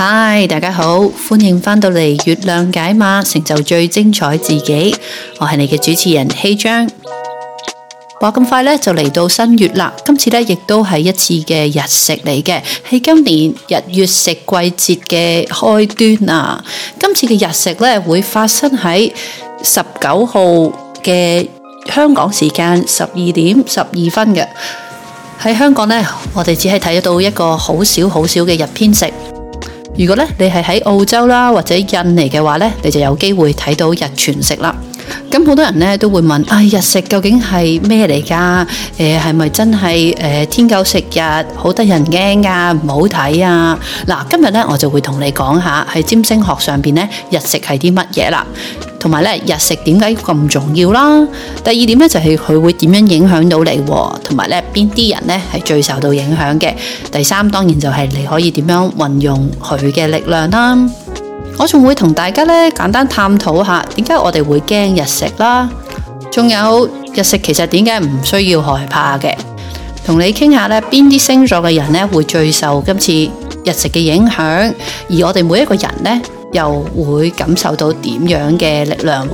嗨，大家好，歡迎翻到嚟《月亮解碼》，成就最精彩自己。我係你嘅主持人希張。話咁、hey, 快咧，就嚟到新月啦。今次咧，亦都係一次嘅日食嚟嘅，係今年日月食季節嘅開端啊。今次嘅日食咧，會發生喺十九號嘅香港時間十二點十二分嘅。喺香港呢，我哋只係睇得到一個好少好少嘅日偏食。如果咧你係喺澳洲啦或者印尼嘅話咧，你就有機會睇到日全食啦。咁好多人咧都會問，唉、哎，日食究竟係咩嚟噶？誒、呃，係咪真係誒、呃、天狗食日，好得人驚噶，唔好睇啊？嗱、啊，今日咧我就會同你講下喺占星學上邊咧日食係啲乜嘢啦。同埋咧，日食點解咁重要啦？第二點咧就係佢會點樣影響到你，同埋咧邊啲人咧係最受到影響嘅。第三當然就係你可以點樣運用佢嘅力量啦。我仲會同大家咧簡單探討下，點解我哋會驚日食啦？仲有日食其實點解唔需要害怕嘅？同你傾下咧，邊啲星座嘅人咧會最受今次日食嘅影響？而我哋每一個人咧？又會感受到點樣嘅力量？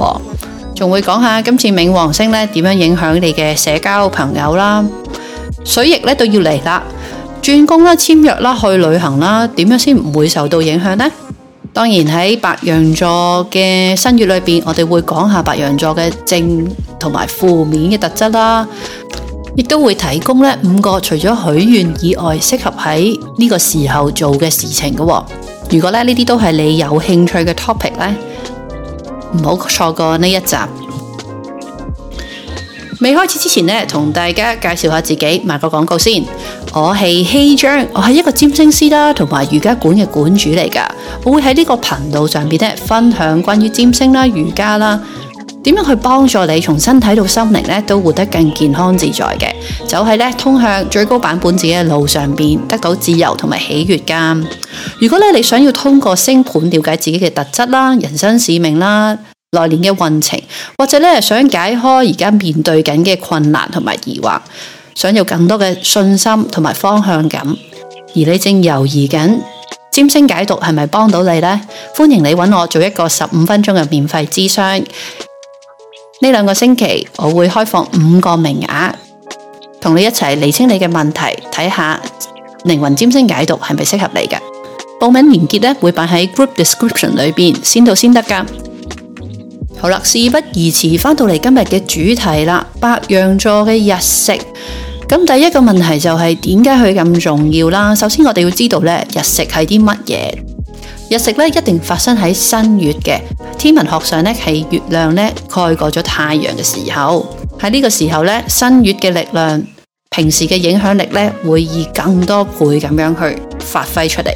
仲會講下今次冥王星咧點樣影響你嘅社交朋友啦？水逆咧都要嚟啦，轉工啦、簽約啦、去旅行啦，點樣先唔會受到影響呢？當然喺白羊座嘅新月裏邊，我哋會講下白羊座嘅正同埋負面嘅特質啦，亦都會提供咧五個除咗許願以外適合喺呢個時候做嘅事情嘅。如果呢啲都係你有興趣嘅 topic，呢唔好錯過呢一集。未開始之前呢，同大家介紹下自己，賣個廣告先。我係希章，我係一個占星師啦，同埋瑜伽館嘅館主嚟㗎。我會喺呢個頻道上面分享關於占星啦、瑜伽啦。點樣去幫助你從身體到心靈咧，都活得更健康自在嘅？就係咧，通向最高版本自己嘅路上邊，得到自由同埋喜悅噶。如果咧，你想要通過星盤了解自己嘅特質啦、人生使命啦、來年嘅運程，或者咧想解開而家面對緊嘅困難同埋疑惑，想要更多嘅信心同埋方向感，而你正猶豫緊，占星解讀係咪幫到你呢？歡迎你揾我做一個十五分鐘嘅免費諮詢。呢兩個星期我會開放五個名額，同你一齊釐清你嘅問題，睇下靈魂占星解讀係咪適合你嘅。報名連結會擺喺 group description 裏邊，先到先得噶。好啦，事不宜遲，翻到嚟今日嘅主題啦。白羊座嘅日食，咁第一個問題就係點解佢咁重要啦？首先我哋要知道咧，日食係啲乜嘢？日食一定發生喺新月嘅，天文學上咧係月亮咧蓋過咗太陽嘅時候，喺呢個時候咧，新月嘅力量，平時嘅影響力咧，會以更多倍咁樣去發揮出嚟。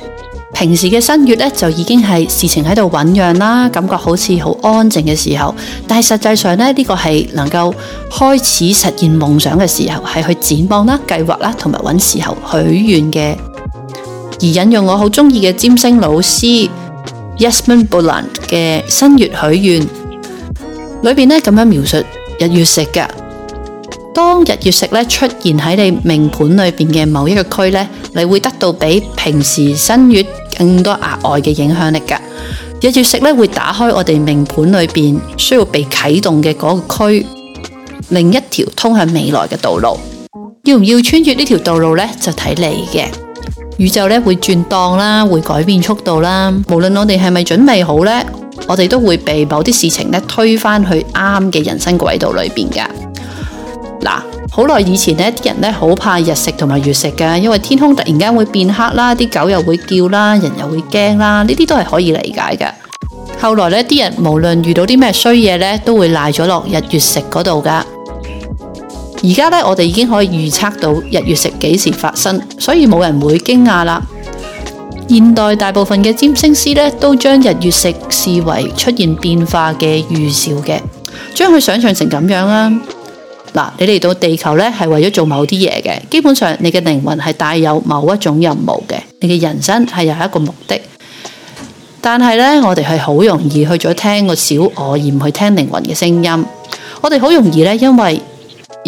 平時嘅新月就已經係事情喺度醞釀啦，感覺好似好安靜嘅時候，但係實際上咧，呢個係能夠開始實現夢想嘅時候，係去展望啦、計劃啦，同埋揾時候許願嘅而引用我好鍾意嘅占星老師 Yasmin Boland 嘅新月許願裏面咁樣描述日月食嘅。當日月食出現喺你命盤裏面嘅某一個區呢，你會得到比平時新月更多額外嘅影響力嘅。日月食會打開我哋命盤裏面需要被啟動嘅嗰個區，另一條通向未來嘅道路。要唔要穿越呢條道路呢？就睇你嘅。宇宙咧會轉動啦，會改變速度啦。無論我哋係咪準備好呢，我哋都會被某啲事情咧推返去啱嘅人生軌道裏面噶。嗱，好耐以前呢啲人咧好怕日食同埋月食噶，因為天空突然間會變黑啦，啲狗又會叫啦，人又會驚啦，呢啲都係可以理解噶。後來呢啲人無論遇到啲咩衰嘢咧，都會賴咗落日月食嗰度噶。而家咧，我哋已經可以預測到日月食幾時發生，所以冇人會驚訝啦。現代大部分嘅占星師咧，都將日月食視為出現變化嘅預兆嘅，將佢想象成咁樣啦。嗱，你嚟到地球咧，係為咗做某啲嘢嘅。基本上，你嘅靈魂係帶有某一種任務嘅，你嘅人生係有一個目的。但係咧，我哋係好容易去咗聽個小我，而唔去聽靈魂嘅聲音。我哋好容易咧，因為。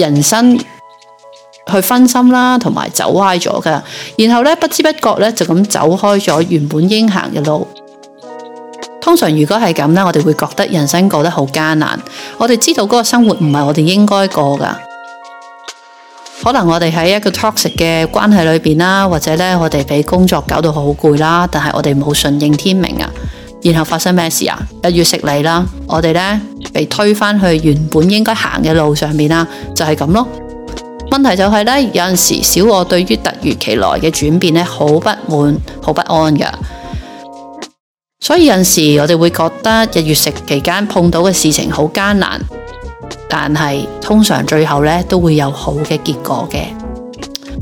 人生去分心啦，同埋走歪咗噶，然後咧，不知不覺咧就咁走開咗原本應行嘅路。通常如果係咁咧，我哋會覺得人生過得好艱難。我哋知道嗰個生活唔係我哋應該過噶。可能我哋喺一個 toxic 嘅關係裏邊啦，或者咧我哋俾工作搞到好攰啦，但係我哋冇順應天命啊。然後發生咩事啊？日月食嚟啦，我哋呢，被推返去原本應該行嘅路上面啦，就係咁囉。問題就係呢，有陣時小我對於突如其來嘅轉變呢，好不滿，好不安嘅。所以有陣時我哋會覺得日月食期間碰到嘅事情好艱難，但係通常最後呢，都會有好嘅結果嘅。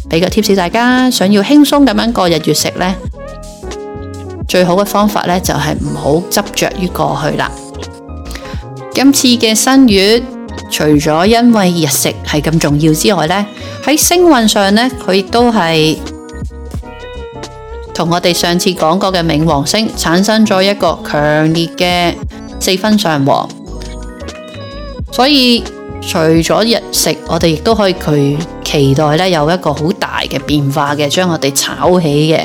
俾個貼士大家，想要輕鬆咁樣過日月食呢。最好嘅方法呢，就係唔好執着於過去啦。今次嘅新月，除咗因為日食係咁重要之外呢，喺星運上呢，佢亦都係同我哋上次講過嘅冥王星產生咗一個強烈嘅四分上黃，所以除咗日食，我哋亦都可以期待呢有一個好大嘅變化嘅，將我哋炒起嘅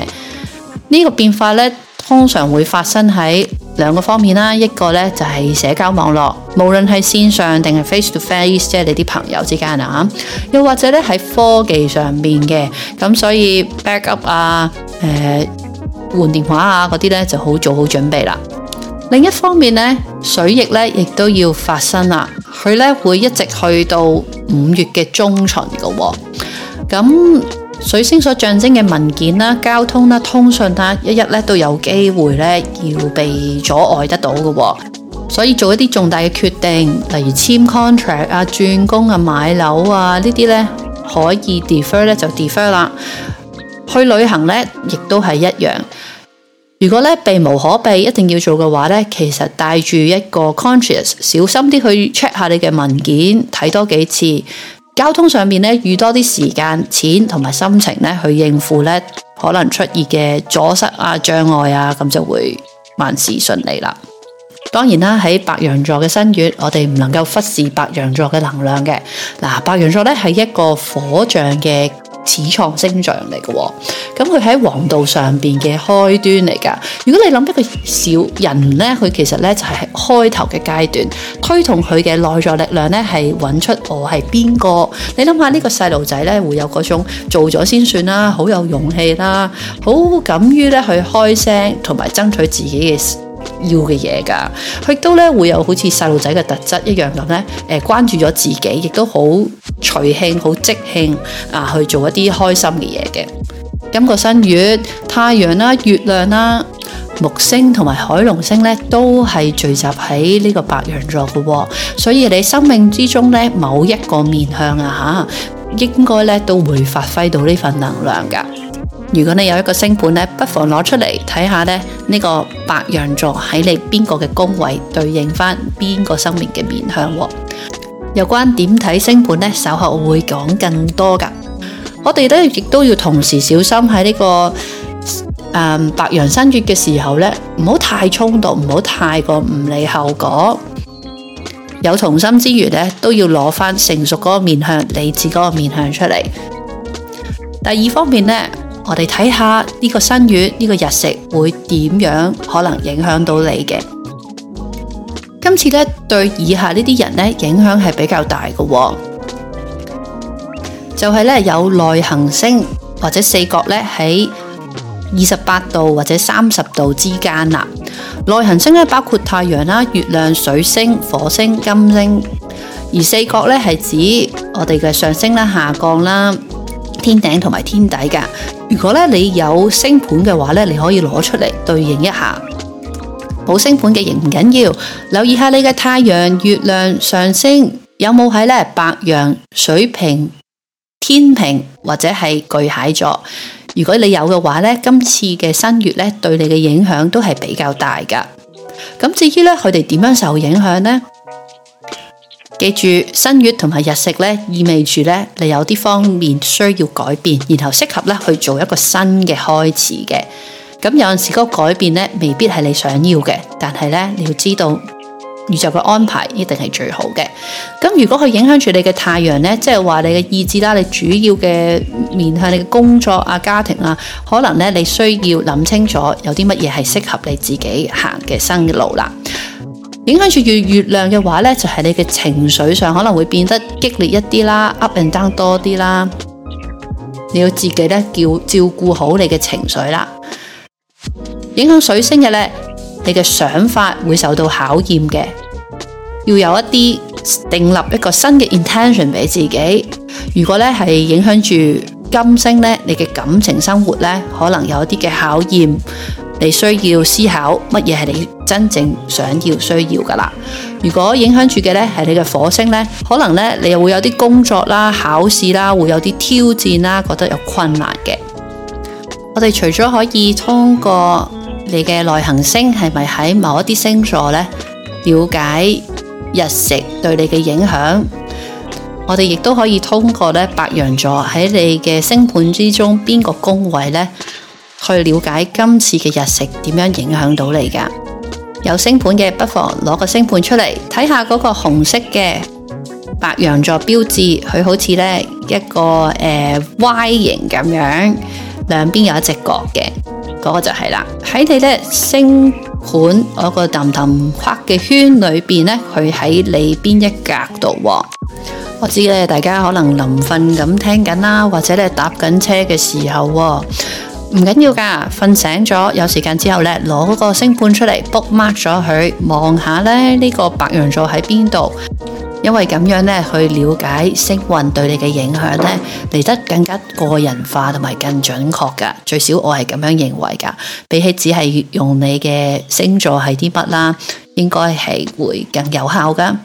呢個變化呢。通常會發生喺兩個方面啦，一個咧就係社交網絡，無論係線上定係 face to face 即係你啲朋友之間啊，又或者咧喺科技上面嘅，咁所以 backup 啊，誒、呃、換電話啊嗰啲咧就好做好準備啦。另一方面咧，水逆咧亦都要發生啦，佢咧會一直去到五月嘅中旬嘅，咁。水星所象徵嘅文件啦、交通啦、通訊啦，一日咧都有機會咧要被阻礙得到嘅，所以做一啲重大嘅決定，例如簽 contract 啊、轉工啊、買樓啊呢啲咧，這些可以 defer 咧就 defer 啦。去旅行咧，亦都係一樣。如果咧避無可避，一定要做嘅話咧，其實帶住一個 conscious，小心啲去 check 下你嘅文件，睇多看幾次。交通上面呢，預多啲時間、錢同埋心情呢，去應付呢，可能出現嘅阻塞啊、障礙啊，咁就會萬事順利啦。當然啦，喺白羊座嘅新月，我哋唔能夠忽視白羊座嘅能量嘅。嗱，白羊座呢係一個火象嘅。始創星象嚟嘅，咁佢喺黃道上邊嘅開端嚟㗎。如果你諗一個小人咧，佢其實咧就係開頭嘅階段，推動佢嘅內在力量咧係搵出我係邊個。你諗下呢個細路仔咧會有嗰種做咗先算啦，好有勇氣啦，好敢於咧去開聲同埋爭取自己嘅。要嘅嘢噶，佢都咧會有好似細路仔嘅特質一樣咁咧，誒關注咗自己，亦都好隨興、好即興啊去做一啲開心嘅嘢嘅。今、那個新月，太陽啦、啊、月亮啦、啊、木星同埋凱龍星咧都係聚集喺呢個白羊座嘅、哦，所以你生命之中咧某一個面向啊吓，應該咧都會發揮到呢份能量噶。如果你有一個星盤呢，不妨攞出嚟睇下呢個白羊座喺你邊個嘅宮位對應翻邊個生命嘅面向。有關點睇星盤呢，稍後會講更多㗎。我哋咧亦都要同時小心喺呢、這個、嗯、白羊新月嘅時候呢，唔好太衝動，唔好太過唔理後果。有童心之餘呢，都要攞翻成熟嗰個面向、理智嗰個面向出嚟。第二方面呢。我哋睇下呢個新月呢、這個日食會點樣可能影響到你嘅？今次呢，對以下呢啲人呢，影響係比較大的、哦、就係呢，有內行星或者四角呢，喺二十八度或者三十度之間啦。內行星呢，包括太陽啦、月亮、水星、火星、金星，而四角呢，係指我哋嘅上升啦、下降啦。天頂同埋天底噶，如果咧你有星盤嘅話咧，你可以攞出嚟對應一下。冇星盤嘅人唔緊要，留意下你嘅太陽、月亮上升有冇喺咧白羊、水瓶、天秤或者係巨蟹座。如果你有嘅話咧，今次嘅新月咧對你嘅影響都係比較大噶。咁至於咧佢哋點樣受影響呢？記住，新月同埋日食咧，意味住咧你有啲方面需要改變，然後適合咧去做一個新嘅開始嘅。咁有陣時個改變咧，未必係你想要嘅，但係咧你要知道宇宙嘅安排一定係最好嘅。咁如果佢影響住你嘅太陽咧，即係話你嘅意志啦，你主要嘅面向你嘅工作啊、家庭啊，可能咧你需要諗清楚有啲乜嘢係適合你自己行嘅新路啦。影響住月月亮嘅話咧，就係、是、你嘅情緒上可能會變得激烈一啲啦 ，up and down 多啲啦。你要自己咧，叫照顧好你嘅情緒啦。影響水星嘅咧，你嘅想法會受到考驗嘅，要有一啲訂立一個新嘅 intention 俾自己。如果咧係影響住金星咧，你嘅感情生活咧，可能有一啲嘅考驗。你需要思考乜嘢係你真正想要需要噶啦？如果影響住嘅咧係你嘅火星咧，可能咧你又會有啲工作啦、考試啦，會有啲挑戰啦，覺得有困難嘅。我哋除咗可以通過你嘅內行星係咪喺某一啲星座咧，了解日食對你嘅影響，我哋亦都可以通過咧白羊座喺你嘅星盤之中邊個宮位咧。去了解今次嘅日食點樣影響到你㗎？有星盤嘅不妨攞個星盤出嚟睇下嗰個紅色嘅白羊座標誌，佢好似呢一個誒、呃、Y 型咁樣，兩邊有一隻角嘅，嗰、嗰個就係啦。喺你呢星盤嗰、嗰個氹氹框嘅圈裏邊呢佢喺你邊一格度。我知咧，大家可能臨瞓咁聽緊啦，或者咧搭緊車嘅時候。唔緊要㗎，瞓醒咗有時間之後呢，拿攞個星盤出嚟 book mark 咗佢，望下，呢個白羊座喺邊度。因為噉樣呢，去了解星運對你嘅影響咧嚟得更加個人化同埋更準確㗎。最少我係噉樣認為㗎，比起只係用你嘅星座係啲乜啦，應該係會更有效噶。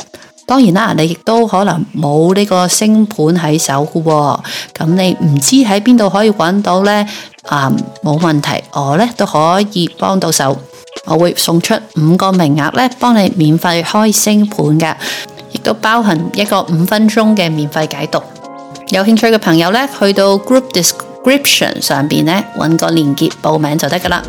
當然啦，你亦都可能冇呢個星盤喺手嘅，咁你唔知喺邊度可以搵到呢？啊、嗯，冇問題，我呢都可以幫到手。我會送出五個名額呢，幫你免費開星盤嘅，亦都包含一個五分鐘嘅免費解讀。有興趣嘅朋友呢，去到 group description 上邊呢，搵個鏈接報名就得噶啦。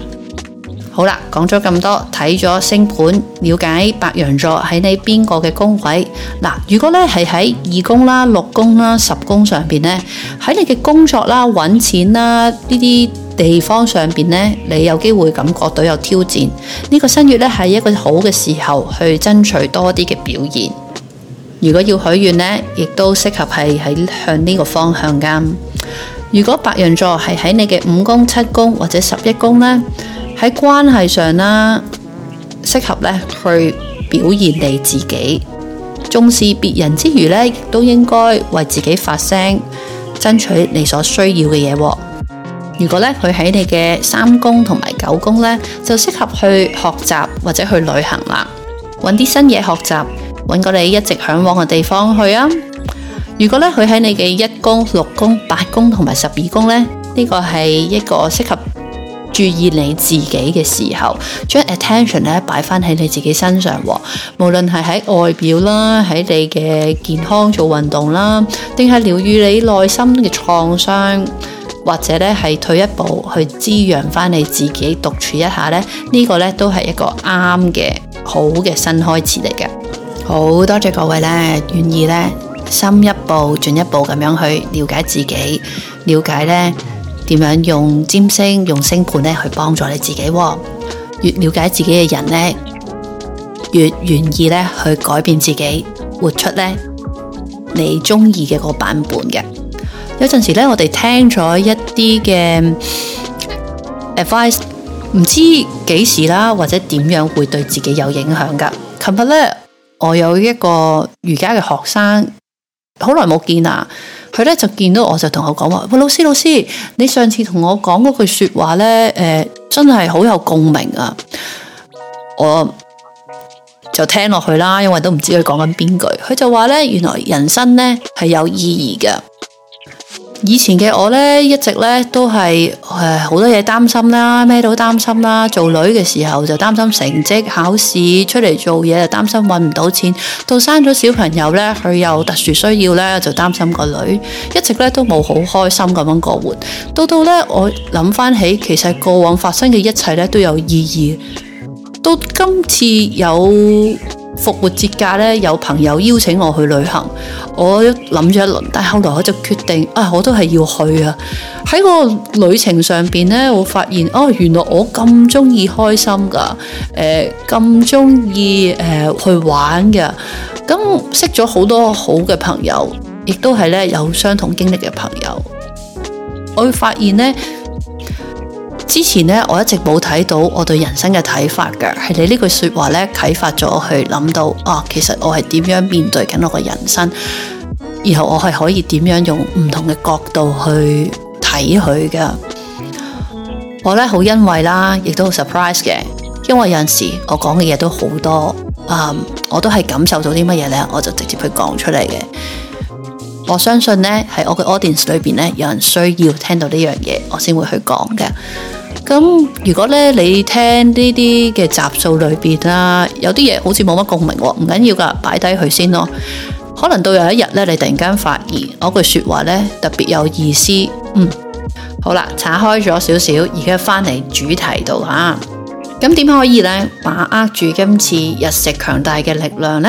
好啦，講咗咁多，睇咗星盤，了解白羊座喺你邊個嘅宮位嗱。如果咧係喺二宮啦、六宮啦、十宮上邊咧，喺你嘅工作啦、揾錢啦呢啲地方上邊咧，你有機會感覺到有挑戰。呢、這個新月咧係一個好嘅時候去爭取多啲嘅表現。如果要許願呢，亦都適合係喺向呢個方向噶。如果白羊座係喺你嘅五宮、七宮或者十一宮呢。喺關係上啦，適合咧去表現你自己，重視別人之餘咧，亦都應該為自己發聲，爭取你所需要嘅嘢。如果咧佢喺你嘅三宮同埋九宮咧，就適合去學習或者去旅行啦，搵啲新嘢學習，搵個你一直向往嘅地方去啊。如果咧佢喺你嘅一宮、六宮、八宮同埋十二宮咧，呢個係一個適合。注意你自己嘅時候，將 attention 咧擺翻喺你自己身上，無論係喺外表啦，喺你嘅健康做運動啦，定係療愈你內心嘅創傷，或者咧係退一步去滋養翻你自己，獨處一下咧，呢個咧都係一個啱嘅好嘅新開始嚟嘅。好多謝各位咧願意咧深一步、進一步咁樣去了解自己，了解咧，點樣用占星，用星盤咧去幫助你自己哦？越了解自己嘅人咧，越願意咧去改變自己，活出咧你中意嘅個版本嘅。有陣時咧，我哋聽咗一啲嘅 advice，唔知幾時啦，或者點樣會對自己有影響噶。琴日咧，我有一個瑜伽嘅學生，好耐冇見啦。佢呢就見到我，就同我講話，喂，老師老師，你上次同我講嗰句說話呢，呃，真係好有共鳴啊！我就聽落去啦，因為都唔知佢講緊邊句。佢就話呢，原來人生呢係有意義嘅。以前嘅我呢，一直呢都係誒，好多嘢擔心啦，咩都擔心啦。做女嘅時候就擔心成績、考試，出嚟做嘢就擔心搵唔到錢。到生咗小朋友呢，佢有特殊需要呢，就擔心個女。一直呢都冇好開心咁樣過活。到到呢，我諗翻起，其實過往發生嘅一切呢都有意義。到今次有。復活節假咧，有朋友邀請我去旅行，我諗咗一輪，但係後來我就決定啊，我都係要去啊。喺個旅程上邊咧，我發現哦，原來我咁中意開心噶，誒咁中意誒去玩嘅，咁識咗好多好嘅朋友，亦都係咧有相同經歷嘅朋友，我會發現咧。之前咧，我一直冇睇到我對人生嘅睇法嘅，係你這句呢句說話咧啟發咗我去諗到，啊，其實我係點樣面對緊我嘅人生，然後我係可以點樣用唔同嘅角度去睇佢嘅。我咧好欣慰啦，亦都好 surprise 嘅，因為有陣時我講嘅嘢都好多，啊、嗯，我都係感受到啲乜嘢咧，我就直接去講出嚟嘅。我相信咧，喺我嘅 audience 裏邊咧，有人需要聽到呢樣嘢，我先會去講嘅。咁如果咧你聽呢啲嘅集數裏邊啊，有啲嘢好似冇乜共鳴喎，唔緊要噶，擺低佢先咯。可能到有一日咧，你突然間發現嗰句說話咧特別有意思。嗯，好啦，拆開咗少少，而家翻嚟主題度啊。咁點可以咧把握住今次日食強大嘅力量呢？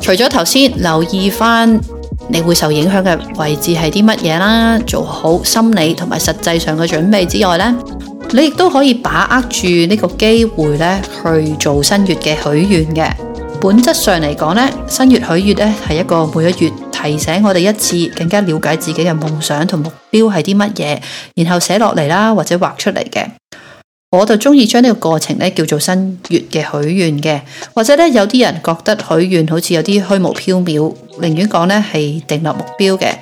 除咗頭先留意翻你會受影響嘅位置係啲乜嘢啦，做好心理同埋實際上嘅準備之外呢，你亦都可以把握住呢個機會咧去做新月嘅許願嘅。本質上嚟講咧，新月許願咧係一個每一月提醒我哋一次，更加了解自己嘅夢想同目標係啲乜嘢，然後寫落嚟啦，或者畫出嚟嘅。我就中意將呢個過程咧叫做新月嘅許願嘅，或者咧有啲人覺得許願好似有啲虛無縹緲，寧願講咧係定立目標嘅。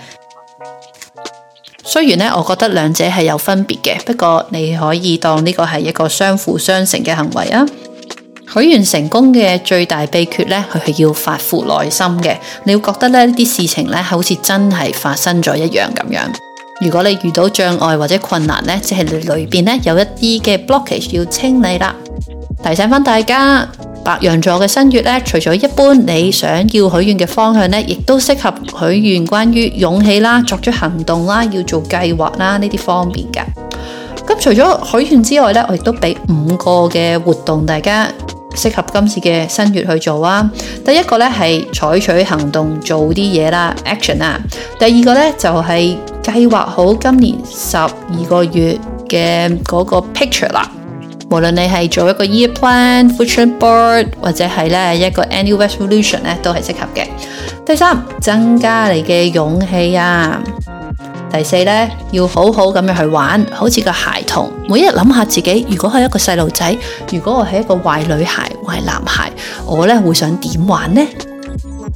雖然呢我覺得兩者係有分別嘅，不過你可以當呢個係一個相輔相成嘅行為啊。許願成功嘅最大秘訣呢，佢係要發自內心嘅，你會覺得這呢啲事情呢，好似真係發生咗一樣噉樣。如果你遇到障礙或者困難呢，即係裏面呢有一啲嘅 blockage 要清理啦。提醒返大家。白羊座嘅新月呢，除咗一般你想要許願嘅方向呢，亦都適合許願關於勇氣啦、作出行動啦、要做計劃啦呢啲方面嘅。咁除咗許願之外呢，我亦都俾五個嘅活動，大家適合今次嘅新月去做啊。第一個呢，係採取行動做啲嘢啦，action 啊。第二個呢，就係計劃好今年十二個月嘅嗰個 picture 啦。無論你係做一個 year plan、future board 或者係咧一個 annual resolution 咧，都係適合嘅。第三，增加你嘅勇氣啊。第四咧，要好好咁樣去玩，好似個孩童，每一日諗下自己，如果係一個細路仔，如果我係一個壞女孩、壞男孩，我咧會想點玩呢？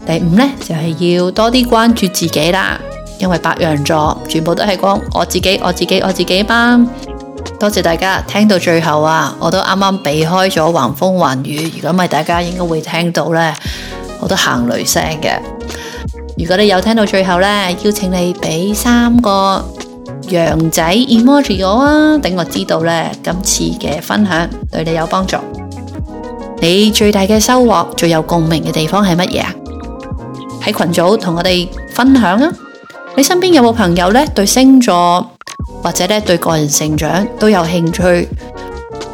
第五咧，就係、是、要多啲關注自己啦，因為白羊座全部都係講我自己、我自己、我自己嘛。多謝大家聽到最後啊，我都啱啱避開咗橫風橫雨，如果唔係大家應該會聽到呢，好多行雷聲嘅。如果你有聽到最後呢，邀請你俾三個羊仔 emoji 我啊，等我知道呢，今次嘅分享對你有幫助。你最大嘅收穫、最有共鳴嘅地方係乜嘢呀？喺群組同我哋分享啊！你身邊有冇朋友呢？對星座，或者咧，對個人成長都有興趣，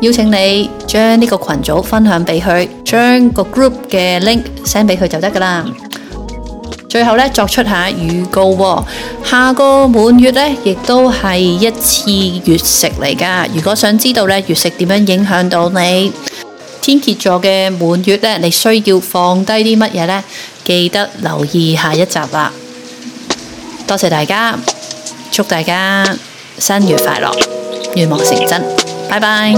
邀請你將呢個群組分享俾佢，將個 group 嘅 link send 俾佢就得噶啦。最後咧，作出下預告，下個滿月咧，亦都係一次月食嚟噶。如果想知道咧，月食點樣影響到你，天蠍座嘅滿月咧，你需要放低啲乜嘢咧？記得留意下一集啦。多謝大家，祝大家。新月快樂，願望成真。拜拜。